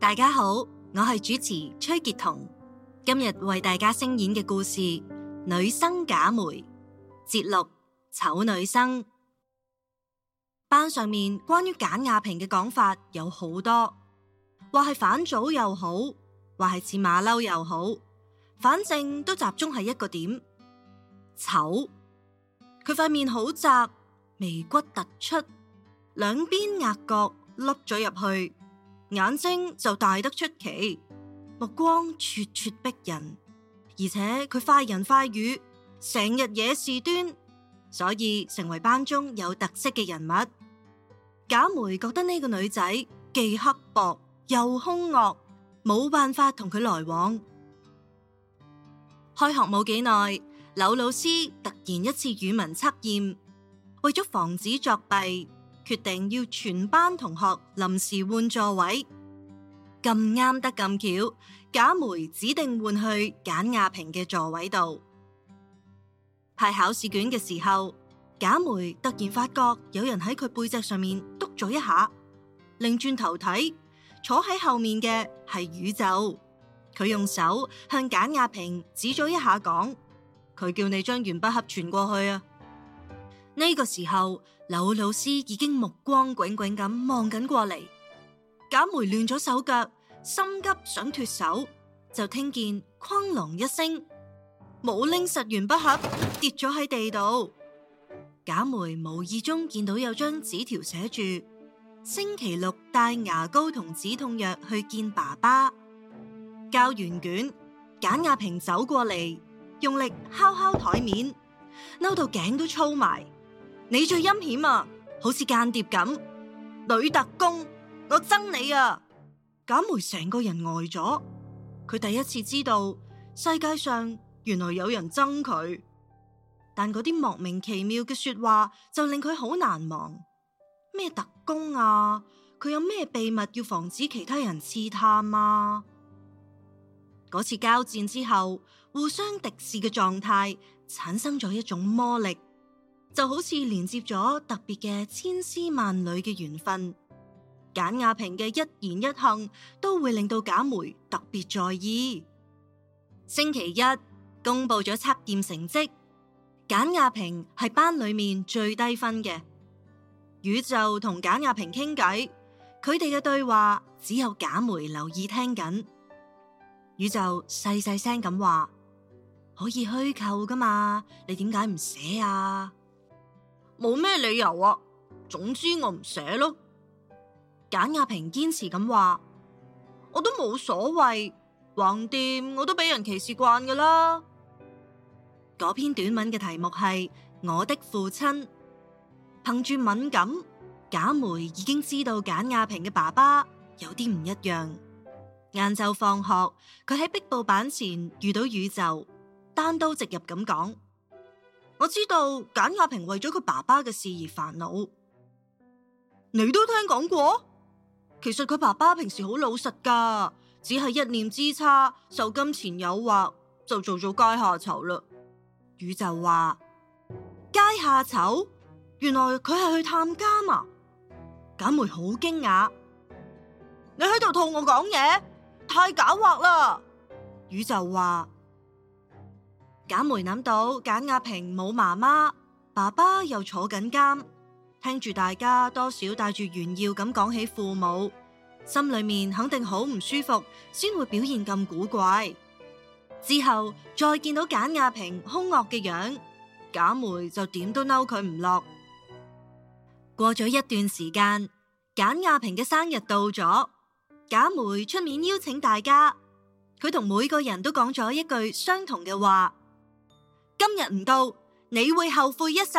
大家好，我係主持崔潔彤，今日為大家聲演嘅故事《女生賈梅》節錄，醜女生。班上面關於簡亞平嘅講法有好多，話係反祖又好，話係似馬騮又好，反正都集中係一個點，醜。佢塊面好窄，眉骨突出，兩邊額角凹咗入去。眼睛就大得出奇，目光咄咄逼人，而且佢快人快語，成日惹事端，所以成為班中有特色嘅人物。賈梅覺得呢個女仔既刻薄又兇惡，冇辦法同佢來往。開學冇幾耐，柳老師突然一次語文測驗，為咗防止作弊，決定要全班同學臨時換座位，咁啱得咁巧，賈梅指定換去簡亞平嘅座位度。派考試卷嘅時候，賈梅突然發覺有人喺佢背脊上面篤咗一下，擰轉頭睇，坐喺後面嘅係宇宙。佢用手向簡亞平指咗一下，講：佢叫你將鉛筆盒傳過去啊！呢個時候，柳老師已經目光炯炯咁望緊過嚟，賈梅亂咗手腳，心急想脫手，就聽見哐啷一聲，冇拎實元筆盒跌咗喺地度。賈梅無意中見到有張紙條寫住，星期六帶牙膏同止痛藥去見爸爸。教完卷，簡亞平走過嚟，用力敲敲台面，嬲到頸都粗埋。你最陰險啊，好似間諜咁。女特工，我憎你啊！賈梅成個人呆咗，佢第一次知道世界上原來有人憎佢，但嗰啲莫名其妙嘅說話就令佢好難忘。咩特工啊？佢有咩秘密要防止其他人刺探啊？嗰次交戰之後，互相敵視嘅狀態產生咗一種魔力。就好似連接咗特別嘅千絲萬縷嘅緣分，簡亞平嘅一言一行都會令到賈梅特別在意。星期一公布咗測驗成績，簡亞平係班裏面最低分嘅。宇宙同簡亞平傾偈，佢哋嘅對話只有賈梅留意聽緊。宇宙細細聲咁話：可以虛構噶嘛？你點解唔寫啊？冇咩理由啊！總之我唔寫咯。簡亞平堅持咁話，我都冇所謂。橫掂，我都俾人歧視慣噶啦。嗰篇短文嘅題目係《我的父親》。憑住敏感，賈梅已經知道簡亞平嘅爸爸有啲唔一樣。晏晝放學，佢喺壁布板前遇到宇宙，單刀直入咁講。我知道簡亞平為咗佢爸爸嘅事而煩惱，你都聽講過。其實佢爸爸平時好老實噶，只係一念之差，受金錢誘惑就做咗階下囚啦。宇宙話，階下囚，原來佢係去探監啊！賈梅好驚訝，你喺度同我講嘢，太狡猾啦！宇宙話。賈梅諗到簡亞平冇媽媽，爸爸又坐緊監，聽住大家多少帶住炫耀咁講起父母，心裏面肯定好唔舒服，先會表現咁古怪。之後再見到簡亞平凶惡嘅樣，賈梅就點都嬲佢唔落。過咗一段時間，簡亞平嘅生日到咗，賈梅出面邀請大家，佢同每個人都講咗一句相同嘅話。今日唔到，你會後悔一世。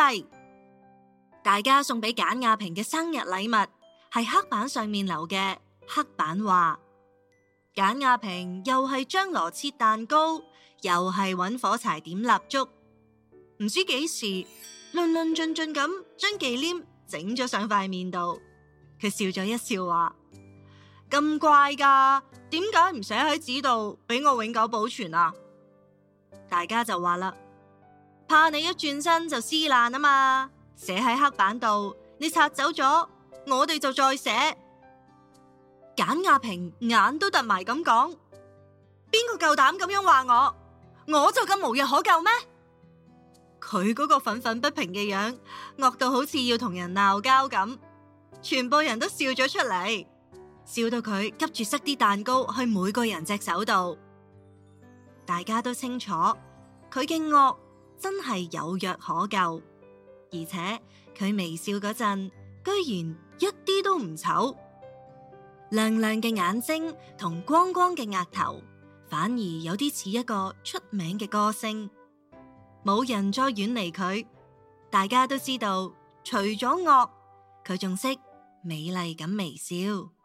大家送俾簡亞平嘅生日禮物係黑板上面留嘅黑板話，簡亞平又係將羅切蛋糕，又係揾火柴點蠟燭，唔知幾時，論論盡盡咁將忌廉整咗上塊面度。佢笑咗一笑，話：咁怪噶，點解唔寫喺紙度，俾我永久保存啊？大家就話啦。怕你一轉身就撕爛啊嘛！寫喺黑板度，你拆走咗，我哋就再寫。簡亞平眼都凸埋咁講：邊個夠膽咁樣話我？我就咁無藥可救咩？佢嗰個憤憤不平嘅樣，惡到好似要同人鬧交咁，全部人都笑咗出嚟，笑到佢急住塞啲蛋糕去每個人隻手度。大家都清楚，佢嘅惡。真係有藥可救，而且佢微笑嗰陣，居然一啲都唔醜，亮亮嘅眼睛同光光嘅額頭，反而有啲似一個出名嘅歌星。冇人再遠離佢，大家都知道，除咗惡，佢仲識美麗咁微笑。